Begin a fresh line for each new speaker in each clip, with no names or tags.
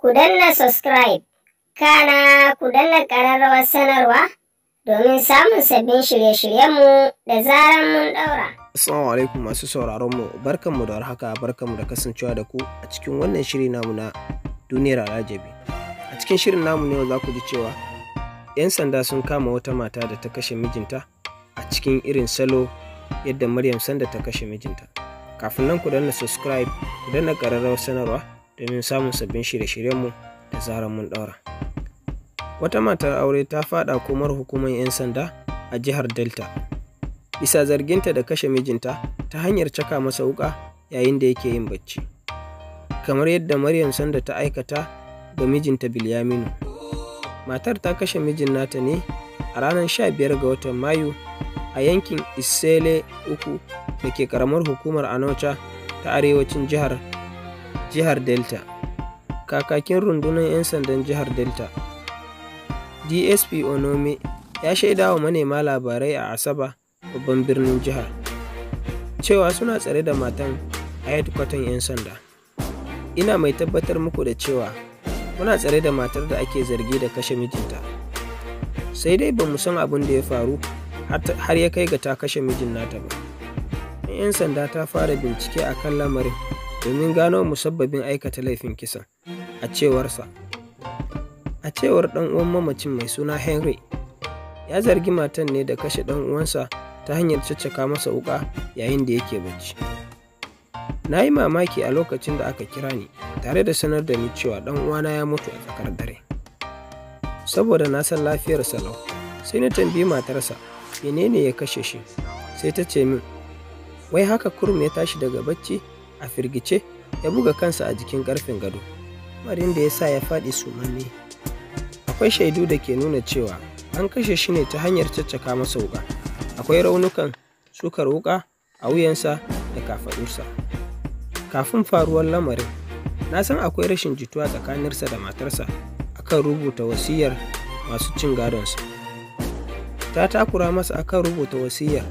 ku danna subscribe kana ku danna ƙararrawar sanarwa domin samun sabbin shirye-shiryenmu da zarar mun ɗaura. Assalamu alaikum masu sauraronmu barkanmu da warhaka barkanmu da kasancewa da ku a cikin wannan shiri namu na duniyar rajabi A cikin shirin namu ne za ku ji cewa 'yan sanda sun kama wata mata da ta kashe mijinta a cikin irin salo yadda Maryam sanda ta kashe mijinta. Kafin nan ku danna subscribe ku danna ƙararrawar sanarwa domin samun sabbin shirye-shiryenmu da zarar mun ɗaura. Wata matar aure ta faɗa komar hukumar 'yan sanda a jihar Delta, bisa zarginta da kashe mijinta ta hanyar caka masa wuƙa yayin da yake yin bacci. Kamar yadda Maryam Sanda ta aikata ga mijinta Bilyaminu. Matar ta kashe mijin nata ne a ranar sha biyar ga watan Mayu a yankin Isele uku da ke karamar hukumar Anocha ta arewacin jihar jihar delta kakakin rundunar 'yan sandan jihar delta dsp onome ya shaida wa manema labarai a asaba babban birnin jihar cewa suna tsare da matan a headquarter 'yan sanda ina mai tabbatar muku da cewa muna tsare da matar da ake zargi da kashe mijinta sai dai ba mu san abin da ya faru har ya kai ga ta kashe mijin nata ba 'yan sanda ta fara bincike a kan lamarin domin gano musabbabin aikata laifin kisan a cewarsa a cewar ɗan uwan mamacin mai suna henry ya zargi matan ne da kashe ɗan uwansa ta hanyar caccaka masa wuƙa yayin da yake bacci na yi mamaki a lokacin da aka kira ni tare da sanar da ni cewa ɗan uwana ya mutu a tsakar dare saboda na san lafiyar salau sai na tambayi matarsa menene ya kashe shi sai ta ce min wai haka kurum ya tashi daga bacci a firgice ya buga kansa a jikin ƙarfin gado marin da ya sa ya faɗi sumanne akwai shaidu da ke nuna cewa an kashe shi ne ta hanyar caccaka masa wuƙa akwai raunukan sukar wuƙa a wuyansa da kafaɗunsa kafin faruwar lamarin na san akwai rashin jituwa tsakaninsa da matarsa akan rubuta wasiyar masu cin gadonsa ta takura masa akan rubuta wasiyar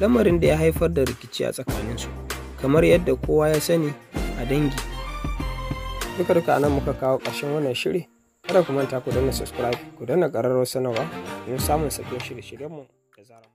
lamarin da ya haifar da rikici a tsakaninsu kamar yadda kowa ya sani a dangi duka duka anan muka kawo ƙarshen wannan shiri kada ku manta ku danna subscribe ku danna ƙararrawar sanarwa don samun sabbin shirye-shiryenmu da mu.